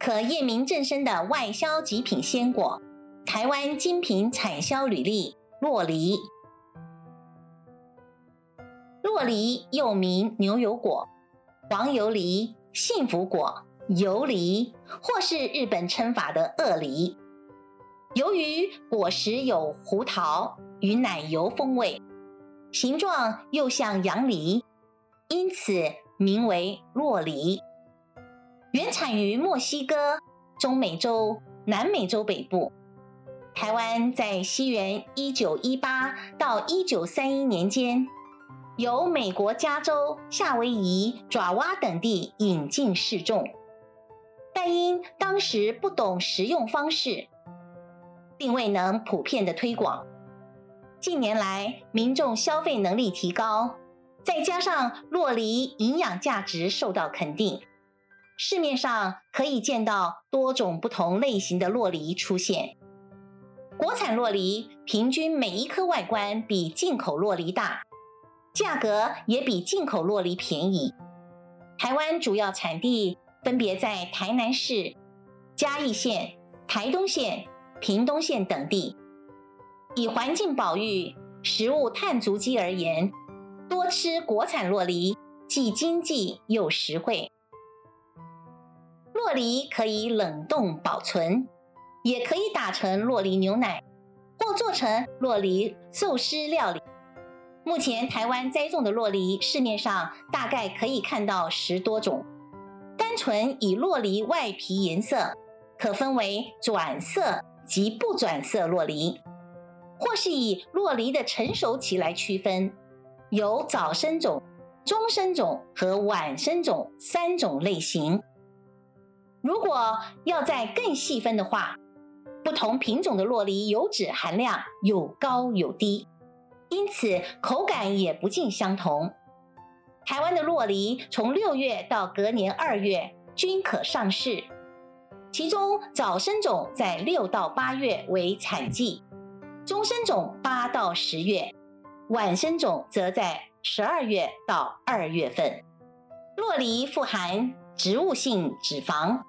可驗明正身的外銷極品鮮果，台灣精品產銷履歷：酪梨。酪梨又名牛油果、黃油梨、幸福果、油梨，或是日本稱法的鱷梨。由於果實有胡桃與奶油風味，形狀又像洋梨，因此名為酪梨。原產於墨西哥、中美洲、南美洲北部。台灣在西元一九一八到一九三一年間，由美國加州、夏威夷、爪哇等地引進試種，但因當時不懂食用方式，並未能普遍的推廣。近年來，民眾消費能力提高，再加上酪梨營養價值受到肯定。市面上可以見到多種不同類型的酪梨出現。國產酪梨平均每一顆外觀比進口酪梨大，價格也比進口酪梨便宜。台灣主要產地分別在台南市、嘉義縣、台東縣、屏東縣等地。以環境保育、食物碳足跡而言，多吃國產酪梨既經濟又實惠。酪梨可以冷凍保存，也可以打成酪梨牛奶，或做成酪梨壽司料理。目前台灣栽種的酪梨，市面上大概可以看到十多種。單純以酪梨外皮顏色，可分為轉色及不轉色酪梨，或是以酪梨的成熟期來區分，有早生種、中生種和晚生種三種類型。如果要再更細分的話，不同品種的酪梨油脂含量有高有低，因此口感也不盡相同。台灣的酪梨從六月到隔年二月均可上市，其中早生種在六到八月為產季，中生種八到十月，晚生種則在十二月到二月份。酪梨富含植物性脂肪，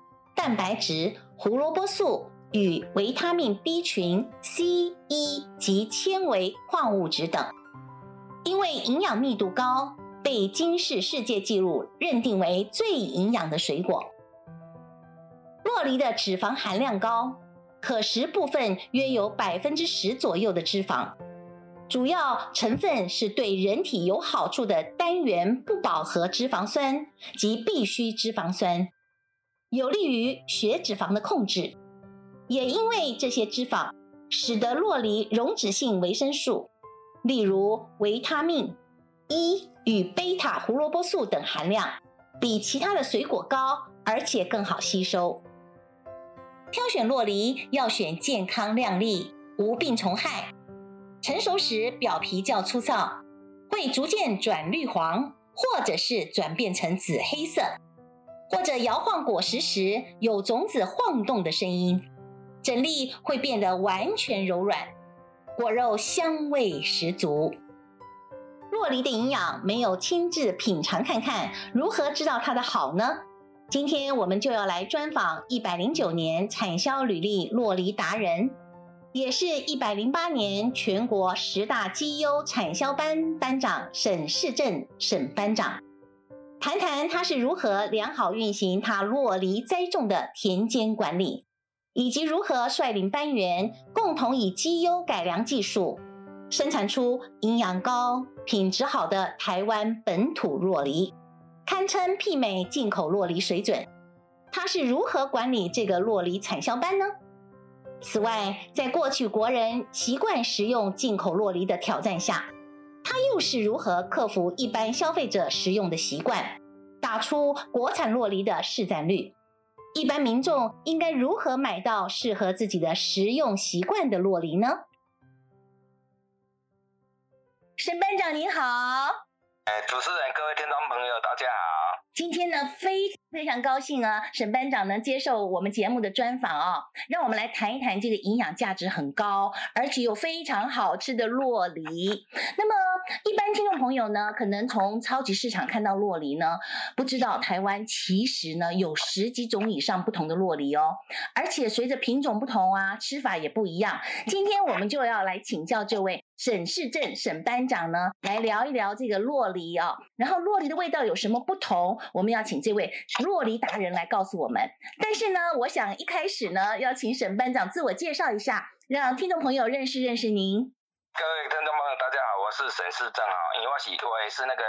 蛋白質、胡蘿蔔素與維他命 B 群、C、E 及纖維、礦物質等，因為營養密度高，被金氏世界紀錄認定為最營養的水果。酪梨的脂肪含量高，可食部分約有百分之十左右的脂肪，主要成分是對人體有好處的單元不飽和脂肪酸及必需脂肪酸。有利於血脂肪的控制，也因為這些脂肪，使得酪梨溶脂性維生素，例如維他命 E 與貝塔胡蘿蔔素等含量比其他的水果高，而且更好吸收。挑選酪梨要選健康亮麗、無病蟲害，成熟時表皮較粗糙，會逐漸轉綠黃，或者是轉變成紫黑色。或者搖晃果實時有種子晃動的聲音，整粒會變得完全柔軟，果肉香味十足。酪梨的營養沒有親自品嘗看看，如何知道它的好呢？今天我們就要來專訪一百零九年產銷履歷酪梨達人，也是一百零八年全國十大績優產銷班班長沈世政沈班長。談談他是如何良好運行他酪梨栽種的田間管理，以及如何率領班員，共同以優異改良技術，生產出營養高、品質好的台灣本土酪梨，堪稱媲美進口酪梨水準。他是如何管理這個酪梨產銷班呢？此外，在過去國人習慣食用進口酪梨的挑戰下，它又是如何克服一般消費者食用的習慣，打出國產酪梨的市占率？一般民眾應該如何買到適合自己的食用習慣的酪梨呢？沈班長您好，哎，主持人，各位聽眾朋友，大家好。今天呢，非常非常高興啊，沈班長能接受我們節目的專訪啊、哦，讓我們來談一談這個營養價值很高，而且又非常好吃的酪梨。那麼，一般聽眾朋友呢，可能從超級市場看到酪梨呢，不知道台灣其實呢有十幾種以上不同的酪梨哦，而且隨着品種不同啊，吃法也不一樣。今天我們就要來請教這位。沈世政沈班長呢，來聊一聊這個酪梨啊、喔，然後酪梨的味道有什麼不同？我們要請這位酪梨達人來告訴我們。但是呢，我想一開始呢，要請沈班長自我介紹一下，讓聽眾朋友認識認識您。各位聽眾朋友，大家好，我是沈世政啊，因為我是我也是那個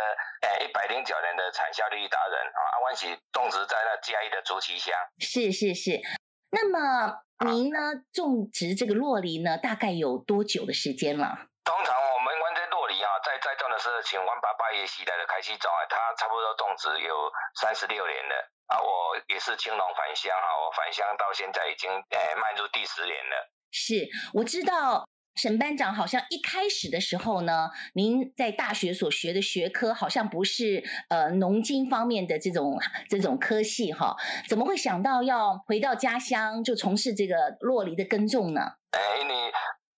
哎一百零九年的產銷履歷達人啊，阿萬喜種植在那嘉義的竹崎鄉。是是是，那麼您呢、啊、種植這個酪梨呢，大概有多久的時間了？通常我們溫州酪梨啊，在栽種的請從八八也攜帶的開始種啊，他差不多種植有三十六年了啊。我也是青農返鄉啊，我返鄉到現在已經誒邁、呃、入第十年了。是，我知道沈班長好像一開始的時候呢，您在大學所學的學科好像不是呃農經方面的這種這種科系哈，怎麼會想到要回到家鄉就從事這個酪梨的耕種呢？哎，你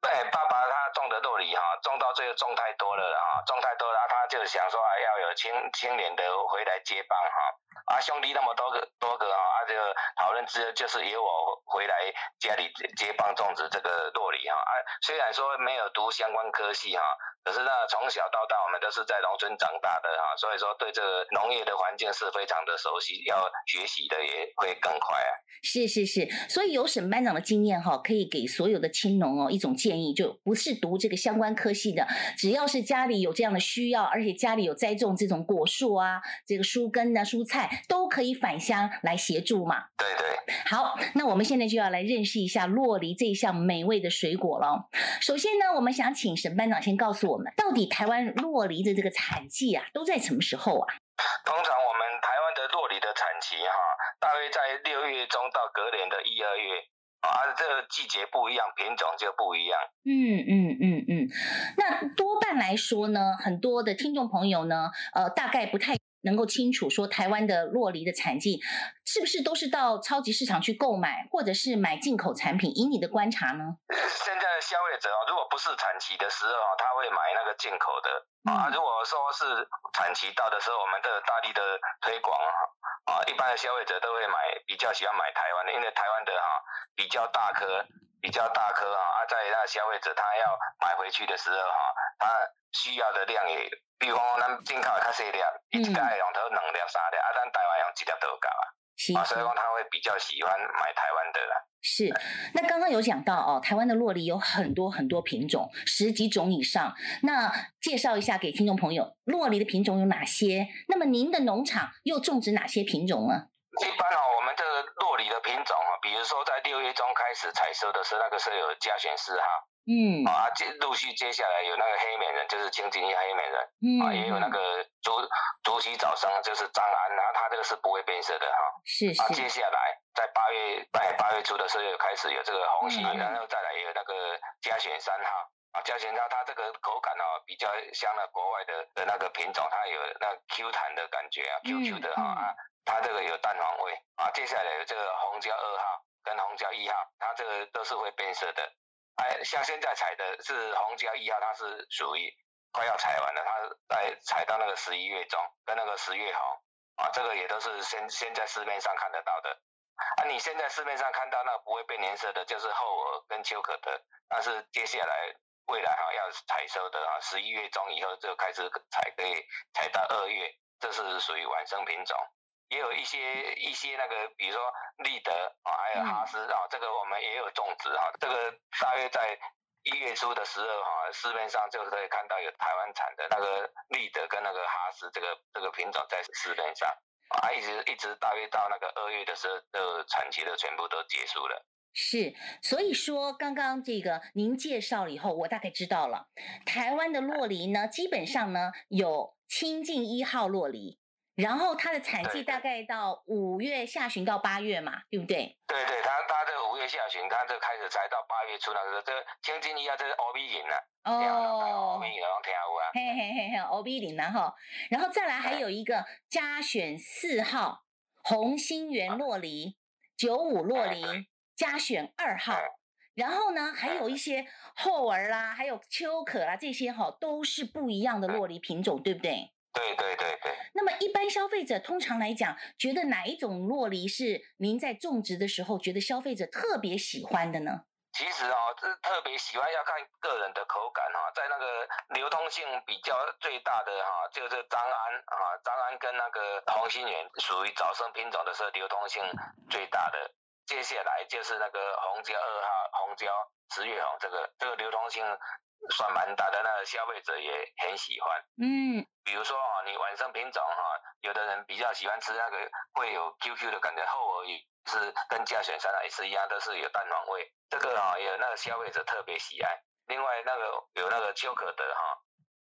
哎。爸哈、啊，種到最後種太多了啊，種太多了，他就想說、啊、要有青青年的回來接班哈，啊，啊兄弟那麼多個多個啊，啊個討論之後就是由我回來家裡接棒種植這個糯米哈，啊雖然說沒有讀相關科系哈。啊可是呢，從小到大我們都是在農村長大的哈，所以說對這個農業的環境是非常的熟悉，要學習的也會更快啊。是是是，所以有沈班長的經驗哈、哦，可以給所有的青農哦一種建議，就不是讀這個相關科系的，只要是家裡有這樣的需要，而且家裡有栽種這種果樹啊、這個樹根吶、啊、蔬菜，都可以返鄉來協助嘛。對對。好，那我們現在就要來認識一下酪梨這一項美味的水果了。首先呢，我們想請沈班長先告訴我。到底台灣酪梨的這個產季啊，都在什麼時候啊？通常我們台灣的酪梨的產期哈、啊，大約在六月中到隔年的一二月啊，這個季節不一樣，品種就不一樣。嗯嗯嗯嗯，那多半來說呢，很多的聽眾朋友呢，呃，大概不太。能夠清楚說台灣的酪梨的產季，是不是都是到超級市場去購買，或者是買進口產品？以你的觀察呢？現在的消費者哦、啊，如果不是產期的時候、啊、他會買那個進口的啊。如果說是產期到的時候，我們的大力的推廣、啊。啊、哦，一般的消費者都會買，比較喜歡買台灣的，因為台灣的哈比較大顆，比較大顆啊。啊、哦，在那消費者他要買回去的時候哈、哦，他需要的量也，如比如說咱進口的卡少量一家用頭兩量三的，啊，咱台灣用一兩都夠啊。啊、所以他會比較喜歡買台灣的啦。是，那剛剛有講到哦，台灣的酪梨有很多很多品種，十幾種以上。那介紹一下給聽眾朋友，酪梨的品種有哪些？那麼您的農場又種植哪些品種呢、啊？一般哦，我們這個酪梨的品種啊、哦，比如說在六月中開始採收的是那個是有嘉選四號。嗯，啊，接陸續接下來有那個黑美人，就是千金黑美人，嗯，啊，也有那個竹竹席早生，就是張安，啊，然後它這個是不會變色的哈，啊。是，是啊，接下來在八月在八月初的時候又開始有這個紅心，嗯嗯，然後再來有那個嘉選三號，嗯嗯，啊，嘉選三它這個口感哦，比較像那國外的的那個品種，它有那 Q 彈的感覺啊，嗯、Q Q 的哈，啊，它這個有蛋黃味啊。接下來有這個紅椒二號跟紅椒一號，它這個都是會變色的。哎，像現在採的是紅椒一號，它是屬於快要採完了它，它在採到那個十一月中跟那個十月紅啊，這個也都是現現在市面上看得到的。啊，你現在市面上看到那個不會變顏色的，就是厚爾跟秋可的。但是接下來未來哈，要採收的啊，十一月中以後就開始採，可以採到二月，這是屬於晚生品種。也有一些一些那個，比如說立德啊，還有哈斯啊，這個我們也有種植哈、啊。這個大約在一月初的時候哈、啊，市面上就可以看到有台灣產的那個立德跟那個哈斯這個這個品種在市面上啊，一直一直大約到那個二月的時候，都產期的全部都結束了。是，所以說剛剛這個您介紹了以後，我大概知道了台灣的酪梨呢，基本上呢有清進一號酪梨，然後它的產季大概到五月下旬到八月嘛，對，對不對？對對，它它這五月下旬，它就開始摘到八月初那時候，這青金玉啊，這 OB 林了哦，奧米林有聽有啊，嘿嘿嘿嘿，奧米林、啊，然後，然後再來還有一個佳、嗯、選四號紅心圓酪梨、嗯，九五酪梨，佳、嗯、選二號、嗯，然後呢，還有一些後兒啦，還有秋可啦，這些哈都是不一樣的酪梨品種、嗯，對不對？對對對對。那麼，一般消費者通常來講，覺得哪一種酪梨是您在種植的時候覺得消費者特別喜歡的呢？其實啊、哦，特別喜歡要看個人的口感哈，在那個流通性比較最大的哈，就是張安啊，張安跟那個紅心圓屬於早生品種的時候，流通性最大的。接下來就是那個紅椒二號紅椒十月啊，這個這個流通性。算蠻大的，那個消費者也很喜歡。嗯，比如說啊、哦，你晚上品種哈、哦，有的人比較喜歡吃那個會有 QQ 的感覺，厚而已。是跟家選三啊是一樣，都是有蛋黃味。這個啊、哦，也有那個消費者特別喜愛。另外那個有那個丘可得哈、哦，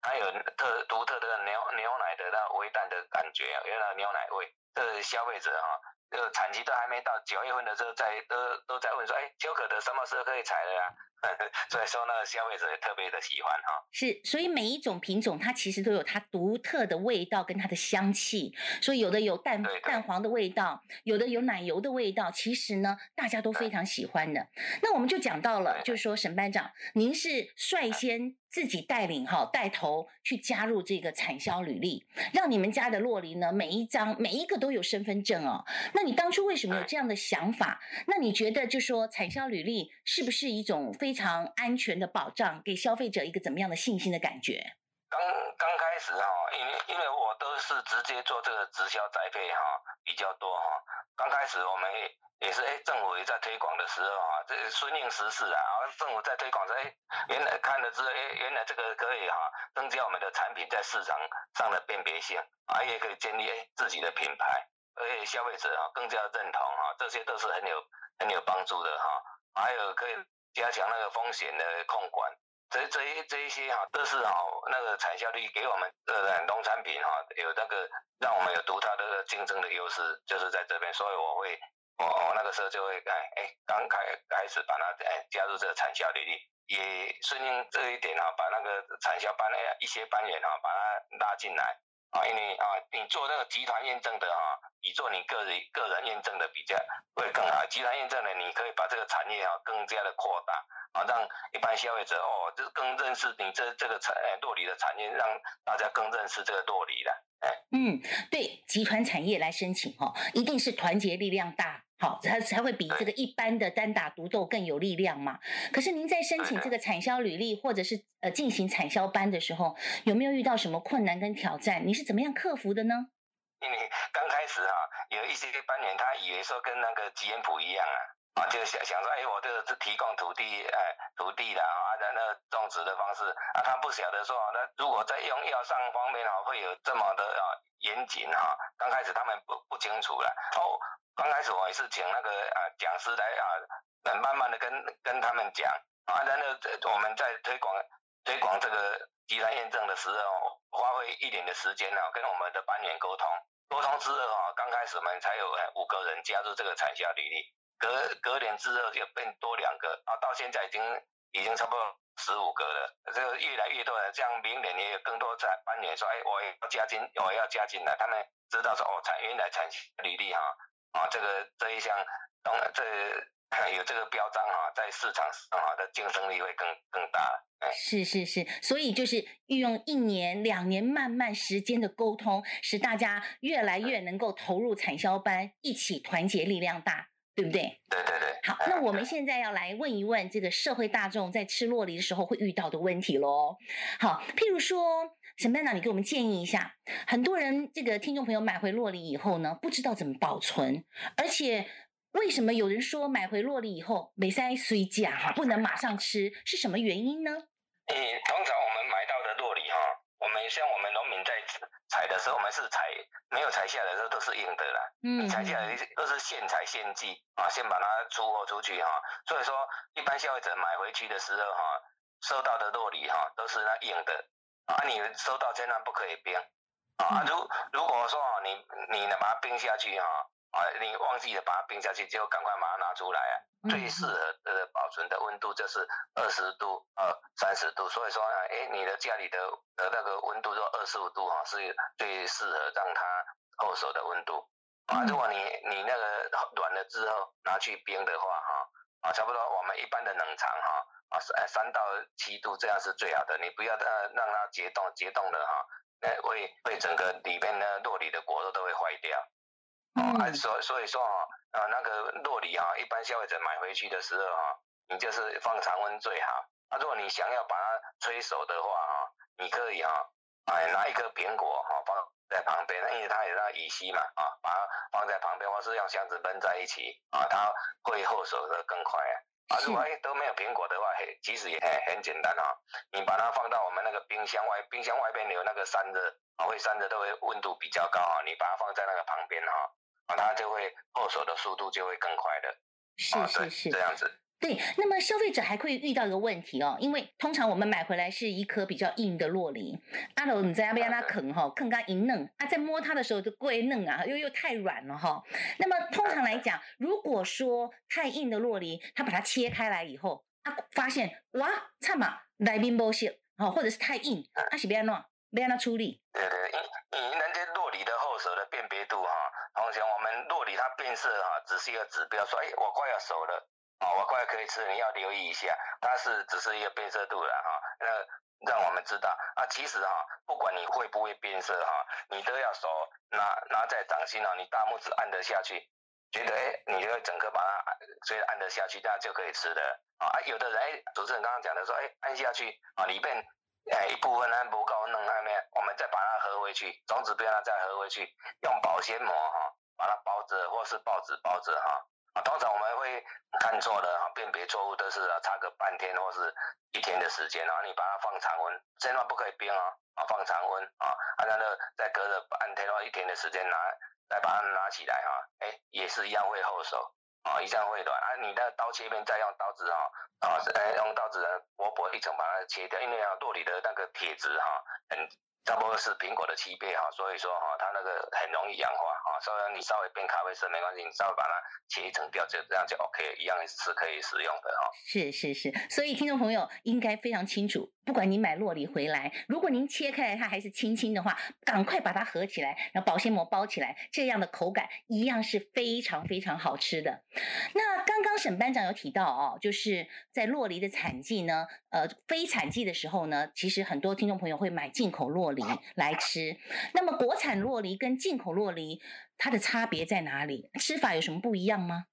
它有特獨特的牛牛奶的那微淡的感覺，有那個牛奶味。這消費者哈、哦，個產期都還沒到九月份的時候在，在都都在問說，哎，丘可的什麼時候可以採了呀、啊？ 所以說呢，消費者也特別的喜歡哈、哦。是，所以每一種品種它其實都有它獨特的味道跟它的香氣，所以有的有蛋、嗯、蛋黃的味道，有的有奶油的味道，其實呢大家都非常喜歡的。嗯、那我們就講到了，就是說沈班長，您是率先自己帶領哈，帶、嗯、頭。去加入這個產銷履歷，讓你們家的酪梨呢，每一張每一個都有身份證哦。那你當初為什麼有這樣的想法？那你覺得就說產銷履歷是不是一種非常安全的保障，給消費者一個怎麼樣的信心的感覺？剛剛開始哈，因為因為我都是直接做這個直銷宅配哈比較多哈。剛開始我們也也是哎，政府也在推廣的時候啊，這順應時勢啊。政府在推廣哎，原來看了之後，哎，原來這個可以哈，增加我們的產品在市場上的辨別性，而，也可以建立自己的品牌，而且消費者哈更加認同哈，這些都是很有很有幫助的哈，還有可以加強那個風險的控管。這這一這一些哈、啊，都是哈、啊、那個產銷履歷給我們呃、這個、農產品哈、啊，有那個讓我們有獨特的競爭的優勢，就是在這邊，所以我會我，我那個時候就會哎哎，剛開開始把它哎加入這個產銷履歷也順應這一點哈、啊，把那個產銷班呀，一些班員哈、啊、把它拉進來。因為啊，你做那個集團驗證的啊，你做你個人個人驗證的比較會更好。集團驗證呢，你可以把這個產業啊更加的擴大啊，讓一般消費者哦，就是更認識你這個、這個產、哎、酪梨的產業，讓大家更認識這個酪梨的。嗯，對，集團產業來申請哈，一定是團結力量大，好，它才會比這個一般的單打獨鬥更有力量嘛。可是您在申請這個產銷履歷或者是呃進行產銷班的時候，有沒有遇到什麼困難跟挑戰？你是怎麼樣克服的呢？因為剛開始哈，有一些班員他以為說跟那個吉恩普一樣啊。啊，就想想說，哎，我這個是提供土地，哎、欸，土地的啊，然後那種植的方式啊，他不曉得說，那、啊、如果在用藥上方面哈、啊，會有這麼的啊嚴謹哈。剛、啊、開始他們不不清楚了，哦，剛開始我也是請那個啊講師來啊，等慢慢的跟跟他們講啊，然、啊、後我們在推廣推廣這個集團驗證的時候，花、啊、費一點的時間了、啊，跟我們的班員溝通溝通之後啊，剛開始我們才有哎、啊、五個人加入這個產銷履歷。隔隔年之後就變多兩個啊，到現在已經已經差不多十五個了。這個越來越多了，這樣明年也有更多在班員說：“哎，我要加進，我也要加進來。”他們知道說：“哦，產員來產履歷哈，啊，這個這一項，懂了，這個啊、有這個標章哈、啊，在市場啊的競爭力會更更大。”是是是，所以就是運用一年兩年慢慢時間的溝通，使大家越來越能夠投入產銷班、嗯，一起團結力量大。對不對？對對對。好、嗯，那我們現在要來問一問這個社會大眾在吃酪梨的時候會遇到的問題嘍。好，譬如說，沈班長，你給我們建議一下。很多人這個聽眾朋友買回酪梨以後呢，不知道怎麼保存，而且為什麼有人說買回酪梨以後沒塞水夾哈，不能馬上吃，是什麼原因呢？嗯，通常我們買到的酪梨哈。我們像我們農民在採的時候，我們是採沒有採下來的時候都是硬的啦。嗯，你採下來都是現採現寄啊，先把它出貨出去哈、啊。所以說，一般消費者買回去的時候哈、啊，收到的酪梨哈都是那硬的，啊，你收到千萬不可以冰啊,啊。如如果說你你把它冰下去哈。啊啊，你忘記了把它冰下去，就趕快把它拿出來啊！最適合呃保存的溫度就是二十度啊三十度，所以說哎、欸，你的家裡的呃那個溫度就二十五度哈，是最適合讓它後熟的溫度。啊，如果你你那個軟了之後拿去冰的話哈，啊，差不多我們一般的冷藏哈，啊，三三到七度這樣是最好的，你不要呃讓它結凍解凍了哈，那會會整個裡面呢酪梨的果肉都會壞掉。哦、mm -hmm. 嗯，所、啊、所以說哈，啊那個酪梨啊，一般消費者買回去的時候啊，你就是放常溫最好。啊，如果你想要把它催熟的話啊，你可以啊，啊，拿一顆蘋果哈、啊、放在旁邊，因為它有那個乙烯嘛啊，把它放在旁邊或是用箱子悶在一起啊，它會後熟的更快啊。啊，如果、啊、都沒有蘋果的話，嘿，其實也很很簡單、啊、你把它放到我們那個冰箱外，冰箱外邊有那個散熱、啊，會散熱都會溫度比較高啊，你把它放在那個旁邊哈。啊啊，他就會後手的速度就會更快的，是、啊、是是這樣子。對，那麼消費者還會遇到一個問題哦，因為通常我們買回來是一顆比較硬的酪梨，阿老你在要不讓他啃哈，啃剛一嫩，啊，在摸它的時候就過於嫩啊，又又太軟了哈、哦。那麼通常來講、嗯，如果說太硬的酪梨，他把它切開來以後，他發現、嗯、哇，差嘛來賓保鮮，好，或者是太硬，那、嗯啊、是要安哪，要安哪處理？對對，因因為人家酪梨的後手的辨別度哈、哦。同時，我們酪梨它變色啊，只是一個指標，說哎，我快要熟了啊，我快可以吃，你要留意一下。它是只是一個變色度了哈，那讓我們知道啊，其實哈，不管你會不會變色哈，你都要熟，拿拿在掌心啊，你大拇指按得下去，覺得哎、欸，你就會整個把它按所以按得下去，這樣就可以吃的啊。有的人哎、欸，主持人剛剛講的說哎、欸，按下去啊，裡面。哎、嗯，一部分按不夠，弄那面，我們再把它合回去，種子不要讓它再合回去，用保鮮膜哈，把它包着，或是報紙包着哈、啊。啊，通常我們會看錯的哈、啊，辨別錯誤都是啊，差個半天或是一天的時間，然後你把它放常溫，千萬不可以冰啊，啊，放常溫啊，啊，然後再隔着半天到一天的時間拿，再把它拿起來哈，哎、啊欸，也是一樣會後熟。啊，一下會短。啊！你那刀切邊，再用刀子哈啊，用刀子薄薄一層把它切掉，因為啊，酪梨的那個鐵質哈很，差不多是蘋果的七倍哈，所以說哈，它那個很容易氧化啊，稍微你稍微變咖啡色沒關係，你稍微把它切一層掉，這樣就 OK，一樣是可以使用的哈。是是是，所以聽眾朋友應該非常清楚。不管你買酪梨回來，如果您切開來它還是青青的話，趕快把它合起來，然後保鮮膜包起來，這樣的口感一樣是非常非常好吃的。那剛剛沈班長有提到哦，就是在酪梨的產季呢，呃，非產季的時候呢，其實很多聽眾朋友會買進口酪梨來吃。那麼國產酪梨跟進口酪梨它的差別在哪裡？吃法有什麼不一樣嗎？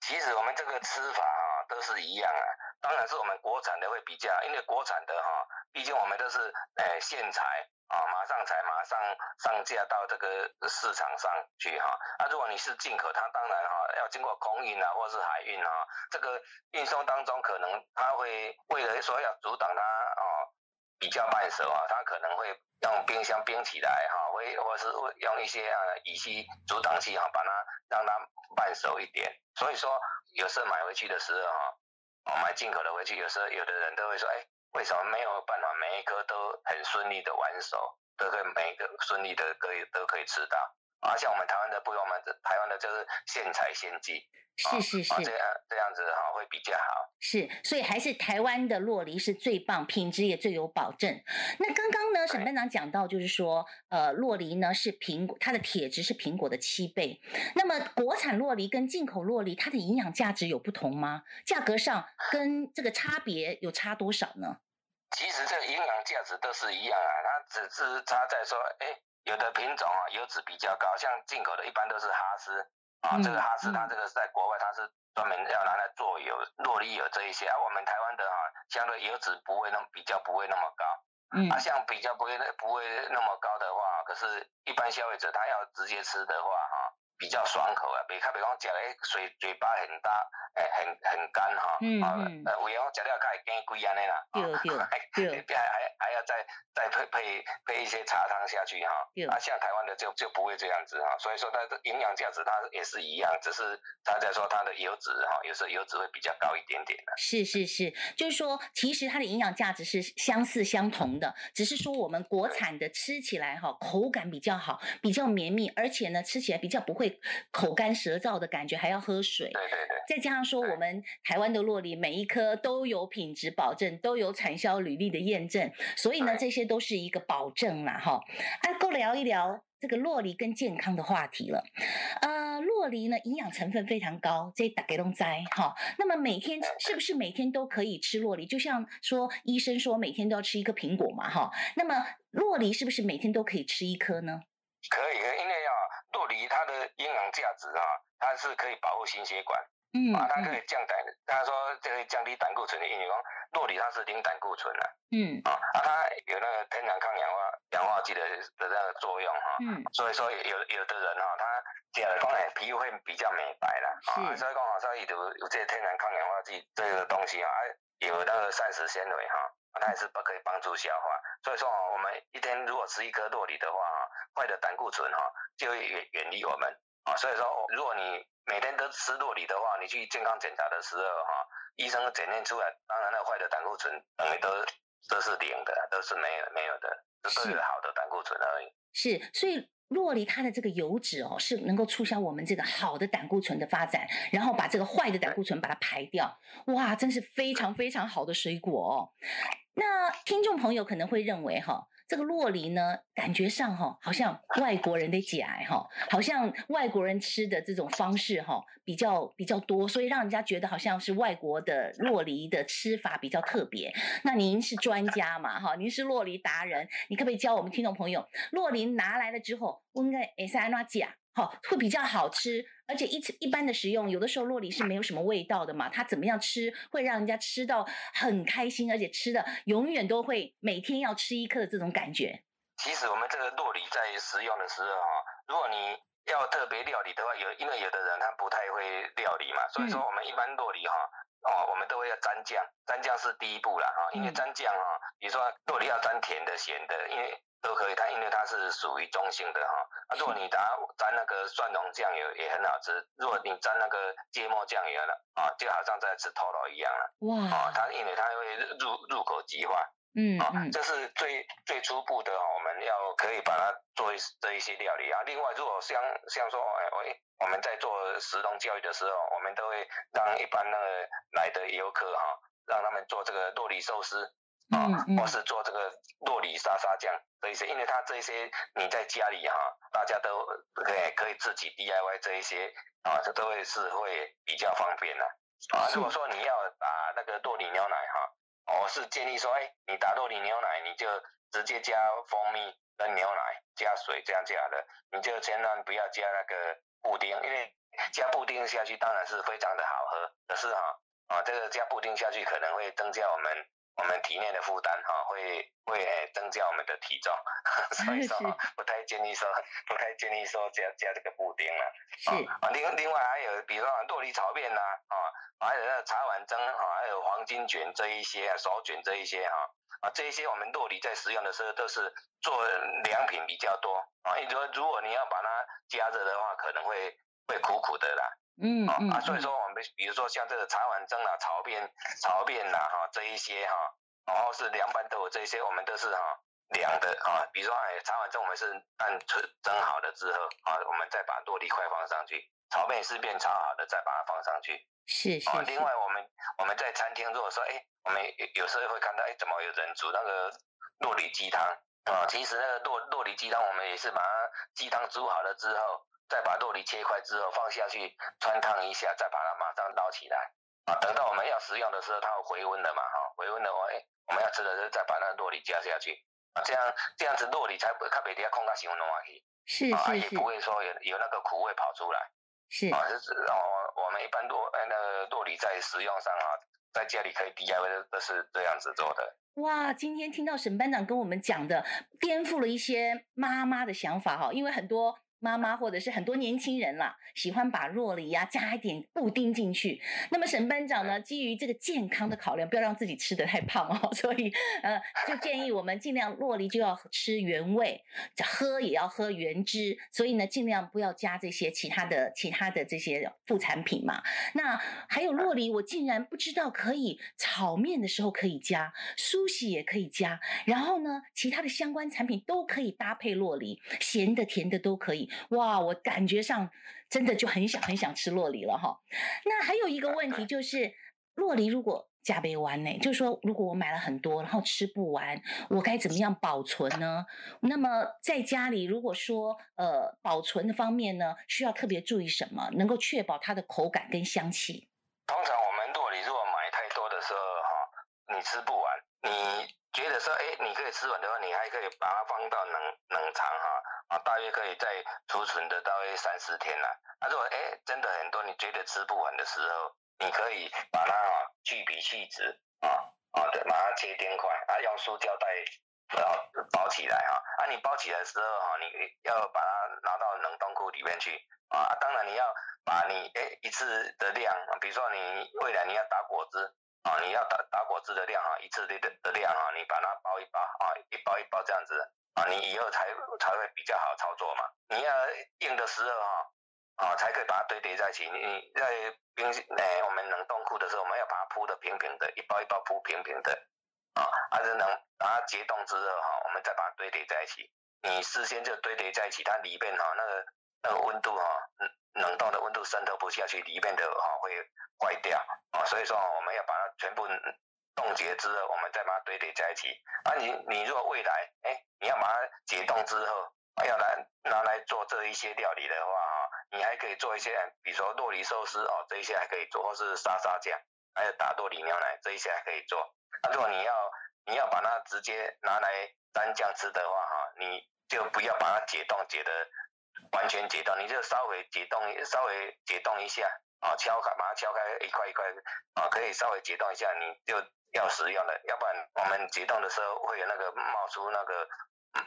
其實我們這個吃法啊，都是一樣啊。當然是我們國產的會比較，因為國產的哈，畢竟我們都是誒現採啊，馬上採，馬上上架到這個市場上去哈。那、啊、如果你是進口，它當然哈要經過空運啊，或是海運啊，這個運送當中可能它會為了說要阻擋它比較慢熟啊，它可能會用冰箱冰起來哈，或或是用一些啊乙烯阻擋劑哈，把它讓它慢熟一點。所以說，有時候買回去的時候哈。我買進口的回去，有時候有的人都會說：“哎、欸，為什麼沒有辦法，每一顆都很順利的完熟，都可以每一個順利的可以都可以吃到。”啊，像我們台灣的不一樣嘛，台灣的就是現採現寄，是是是、啊，這樣這樣子哈會比較好。是，所以還是台灣的酪梨是最棒，品質也最有保證。那剛剛呢，沈班長講到就是說，呃，酪梨呢是蘋果，它的鐵質是蘋果的七倍。那麼國產酪梨跟進口酪梨，它的營養價值有不同嗎？價格上跟這個差別有差多少呢？其實這個營養價值都是一樣啊，它只是差在說，哎、欸。有的品種啊，油脂比較高，像進口的，一般都是哈斯、嗯、啊，這個哈斯它這個是在國外，它是專門要拿來做油、酪梨油這一些啊。我們台灣的哈、啊，相對油脂不會那麼比較不會那麼高，嗯、啊，像比較不會不會那麼高的話，可是一般消費者他要直接吃的話。比較爽口啊，袂較方講食了，嘴、欸、嘴巴很大，誒、欸，很很乾哈、哦。嗯嗯嗯、哦。呃，會講食了較會見鬼安尼啦。有，有、哦，對。還還還要再再配配配一些茶湯下去哈。有、哦。啊，像台灣的就就不會這樣子哈、哦，所以說它的營養價值它也是一樣，只是大家說它的油脂哈、哦，有時候油脂會比較高一點點的、啊。是是是，就是說其實它的營養價值是相似相同的，只是說我們國產的吃起來哈口感比較好，比較綿密，而且呢吃起來比較不會。口乾舌燥的感覺，還要喝水。再加上說，我們台灣的酪梨每一顆都有品質保證，都有產銷履歷的驗證，所以呢，這些都是一個保證啦。哈。哎、啊，夠聊一聊這個酪梨跟健康的話題了。呃，酪梨呢，營養成分非常高。這大家攏知哈。那麼每天是不是每天都可以吃酪梨？就像說醫生說每天都要吃一個蘋果嘛哈。那麼酪梨是不是每天都可以吃一顆呢？可以可以。酪梨它的營養價值哈、啊，它是可以保護心血管，嗯，啊，它可以降膽，他、嗯、說這個降低膽固醇的原因，因為酪梨它是零膽固醇的、啊，嗯，啊，它有那個天然抗氧化氧化劑的的那個作用哈、啊，嗯，所以說有有的人哈、啊，他講咧皮膚會比較美白啦，啊，所以剛好像伊就有，有這些天然抗氧化劑這個東西啊，有那個膳食纖維哈，它也是可以幫助消化。所以說啊，我們一天如果吃一顆酪梨的話哈，壞的膽固醇哈就會遠離我們啊。所以說，如果你每天都吃酪梨的話，你去健康檢查的時候哈，醫生檢驗出來，當然了，壞的膽固醇等於都都是零的，都是沒有沒有的，都是好的膽固醇而已。是，所以。酪梨它的這個油脂哦，是能夠促銷我們這個好的膽固醇的發展，然後把這個壞的膽固醇把它排掉，哇，真是非常非常好的水果哦。那聽眾朋友可能會認為哈、哦。這個酪梨呢，感覺上哈、哦，好像外國人的解癌哈，好像外國人吃的這種方式哈、哦，比較比較多，所以讓人家覺得好像是外國的酪梨的吃法比較特別。那您是專家嘛哈？您是酪梨達人，你可不可以教我們聽眾朋友，酪梨拿來了之後，我應該誒塞哪加好會比較好吃？而且一一般的食用，有的時候酪梨是沒有什麼味道的嘛。它怎麼樣吃會讓人家吃到很開心，而且吃的永遠都會每天要吃一顆的這種感覺。其實我們這個酪梨在食用的時候哈，如果你要特別料理的話，有因為有的人他不太會料理嘛，所以說我們一般酪梨哈。哦、我們都會要沾醬，沾醬是第一步了哈，因為沾醬哈、哦，比如說如果你要沾甜的、鹹的，因為都可以，它因為它是屬於中性的哈。啊，如果你打沾那個蒜蓉醬油也很好吃，如果你沾那個芥末醬油了，啊，就好像在吃頭腦一樣了。哇、Wow. 哦，它因為它會入入口即化。嗯，嗯，這是最最初步的哈，我們要可以把它做這一些料理啊。另外，如果像像說，哎哎，我們在做食農教育的時候，我們都會讓一般那個來的遊客哈，讓他們做這個酪梨壽司，啊，或是做這個酪梨沙沙醬這一些，因為他這些你在家裡哈，大家都可以可以自己 D I Y 這一些啊，這都會是會比較方便的。啊，如果說你要把、啊、那個酪梨牛奶哈。我是建議說，哎、欸，你打酪梨牛奶，你就直接加蜂蜜跟牛奶加水這樣加的，你就千萬不要加那個布丁，因為加布丁下去當然是非常的好喝，可是哈，啊，這個加布丁下去可能會增加我們。我們體內的負擔哈，會會增加我們的體重， 所以說不太建議說不太建議說加加這個布丁了。啊，另另外還有比如說酪梨炒麵吶啊，還有那茶碗蒸啊，還有黃金卷這一些啊，手卷這一些啊啊，這一些我們酪梨在食用的時候都是做涼品比較多啊，你說如果你要把它加熱的話，可能會。會苦苦的啦，嗯,啊,嗯啊，所以說我們比如說像這個茶碗蒸啊、炒麵、炒面啦、啊，哈，這一些哈、啊，然後是涼拌豆腐，這些，我們都是哈涼的啊。比如說哎，茶碗蒸我們是按蒸蒸好了之後啊，我們再把酪梨塊放上去；炒面是面炒好了再把它放上去。是,是啊是是，另外我們我們在餐廳如果說哎，我們有時候會看到哎、欸，怎麼有人煮那個酪梨雞湯啊？其實那個酪酪梨雞湯我們也是把它雞湯煮好了之後。再把酪梨切塊之後放下去汆燙一下，再把它馬上撈起來啊。等到我們要食用的時候，它有回溫了嘛，哈、哦，回溫了我哎，我們要吃的時候再把那酪梨加下去啊。這樣這樣子酪梨才不特別的要空到水分融化去，是是是，啊，也不會說有有那個苦味跑出來。是，是啊，是啊，我，哦、我們一般酪哎那個酪梨在食用上哈、啊，在家裡可以 DIY 的是這樣子做的。哇，今天聽到沈班長跟我們講的，顛覆了一些媽媽的想法哈，因為很多。媽媽或者是很多年輕人啦，喜歡把酪梨呀、啊、加一點布丁進去。那麼沈班長呢，基於這個健康的考量，不要讓自己吃得太胖哦，所以呃就建議我們盡量酪梨就要吃原味，喝也要喝原汁，所以呢盡量不要加這些其他的其他的這些副產品嘛。那還有酪梨，我竟然不知道可以炒麵的時候可以加，壽司也可以加，然後呢其他的相關產品都可以搭配酪梨，鹹的甜的都可以。哇，我感覺上真的就很想很想吃酪梨了哈。那還有一個問題就是，酪 梨如果吃不完呢，就是說如果我買了很多然後吃不完，我該怎麼樣保存呢？那麼在家裡如果說呃保存的方面呢，需要特別注意什麼，能夠確保它的口感跟香氣？通常我們酪梨如果買太多的時候哈、哦，你吃不完。你覺得說，哎、欸，你可以吃完的話，你還可以把它放到冷冷藏哈，啊，大約可以再儲存的大約三四天啦、啊。啊，如果哎、欸、真的很多，你覺得吃不完的時候，你可以把它啊去皮去籽啊，啊，對、啊，把它切丁塊，啊，用塑膠袋啊包起來啊，你包起來的時候哈、啊，你要把它拿到冷凍庫裡面去啊。當然你要把你哎、欸、一次的量、啊，比如說你未來你要打果汁。啊、哦，你要打打果汁的量哈，一次的的的量哈，你把它包一包啊，一包一包這樣子啊，你以後才才會比較好操作嘛。你要硬的時候哈，啊、哦，才可以把它堆疊在一起。你在冰呢、欸，我們冷凍庫的時候，我們要把它鋪的平平的，一包一包鋪平平的啊，還是能把它解凍之後哈，我們再把它堆疊在一起。你事先就堆疊在一起，它裡面哈、哦、那個。那個溫度哈，冷凍的溫度滲透不下去，裡面的哈會壞掉啊，所以說我們要把它全部凍結之後，我們再把它堆疊在一起。啊你，你你若未來哎、欸，你要把它解凍之後，要來拿來做這一些料理的話啊，你還可以做一些，比如說酪梨壽司哦，這一些還可以做，或是沙沙醬，還有打酪梨牛奶，這一些還可以做。那如果你要你要把它直接拿來蘸醬吃的話哈，你就不要把它解凍解的。完全解凍，你就稍微解凍，稍微解凍一下啊、嗯哦，敲開把它敲開一塊一塊啊、okay. 哦，可以稍微解凍一下，你就要食用的、嗯，要不然我們解凍的時候會有那個冒出那個、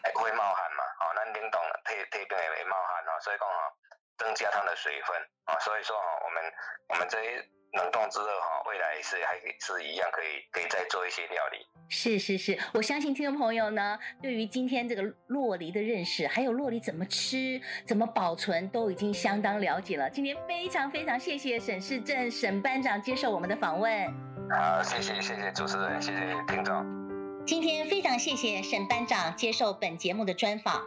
欸、會冒汗嘛，哦，那領導貼貼冰也會冒汗啊、哦，所以講哦。增加它的水分啊，所以說哈、啊，我們我們這些冷凍之後哈、啊，未來是還是一樣可以可以再做一些料理。是是是，我相信聽眾朋友呢，對於今天這個酪梨的認識，還有酪梨怎麼吃、怎麼保存，都已經相當了解了。今天非常非常謝謝沈世政沈班長接受我們的訪問。好，謝謝謝謝主持人，謝謝聽眾。今天非常謝謝沈班長接受本節目的專訪。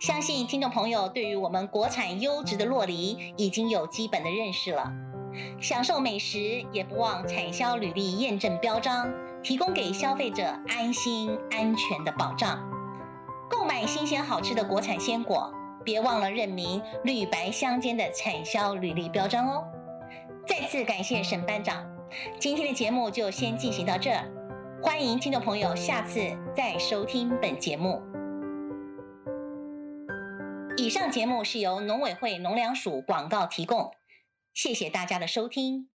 相信聽眾朋友對於我們國產優質的酪梨已經有基本的認識了。享受美食也不忘產銷履歷驗證標章，提供給消費者安心安全的保障。購買新鮮好吃的國產鮮果，別忘了認明綠白相間的產銷履歷標章哦。再次感謝沈班長，今天的節目就先進行到這，歡迎聽眾朋友下次再收聽本節目。以上節目是由農委會農糧署廣告提供，謝謝大家的收聽。